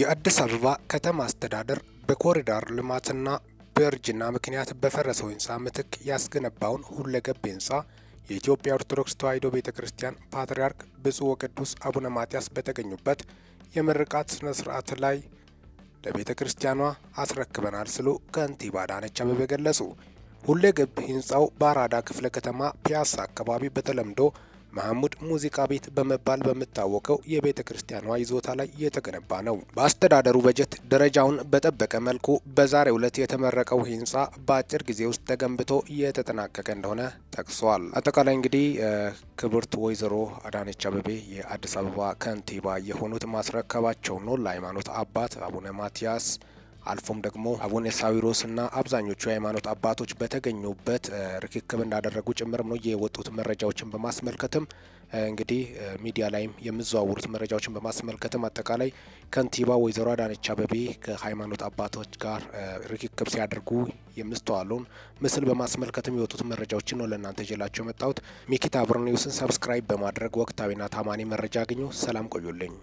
የአዲስ አበባ ከተማ አስተዳደር በኮሪደር ልማትና በእርጅና ምክንያት በፈረሰው ህንፃ ምትክ ያስገነባውን ሁለገብ ህንፃ የኢትዮጵያ ኦርቶዶክስ ተዋሕዶ ቤተ ክርስቲያን ፓትርያርክ ብፁዕ ወቅዱስ አቡነ ማትያስ በተገኙበት የምርቃት ስነ ስርዓት ላይ ለቤተ ክርስቲያኗ አስረክበናል ስሉ ከንቲባ አዳነች አቤቤ ገለጹ። ሁለገብ ህንፃው በአራዳ ክፍለ ከተማ ፒያሳ አካባቢ በተለምዶ መሐሙድ ሙዚቃ ቤት በመባል በምታወቀው የቤተ ክርስቲያኗ ይዞታ ላይ የተገነባ ነው። በአስተዳደሩ በጀት ደረጃውን በጠበቀ መልኩ በዛሬው ዕለት የተመረቀው ህንፃ በአጭር ጊዜ ውስጥ ተገንብቶ የተጠናቀቀ እንደሆነ ጠቅሷል። አጠቃላይ እንግዲህ ክብርት ወይዘሮ አዳነች አበቤ የአዲስ አበባ ከንቲባ የሆኑት ማስረከባቸው ነው ለሃይማኖት አባት አቡነ ማትያስ አልፎም ደግሞ አቡነ ሳዊሮስና አብዛኞቹ የሃይማኖት አባቶች በተገኙበት ርክክብ እንዳደረጉ ጭምርም ነው የወጡት መረጃዎችን በማስመልከትም እንግዲህ ሚዲያ ላይም የሚዘዋወሩት መረጃዎችን በማስመልከትም አጠቃላይ ከንቲባ ወይዘሮ አዳነች አበቤ ከሃይማኖት አባቶች ጋር ርክክብ ሲያደርጉ የምስተዋለውን ምስል በማስመልከትም የወጡት መረጃዎችን ነው ለእናንተ ጀላቸው የመጣሁት። ሚኪታ ብሮኒውስን ሰብስክራይብ በማድረግ ወቅታዊና ታማኒ መረጃ አግኙ። ሰላም ቆዩልኝ።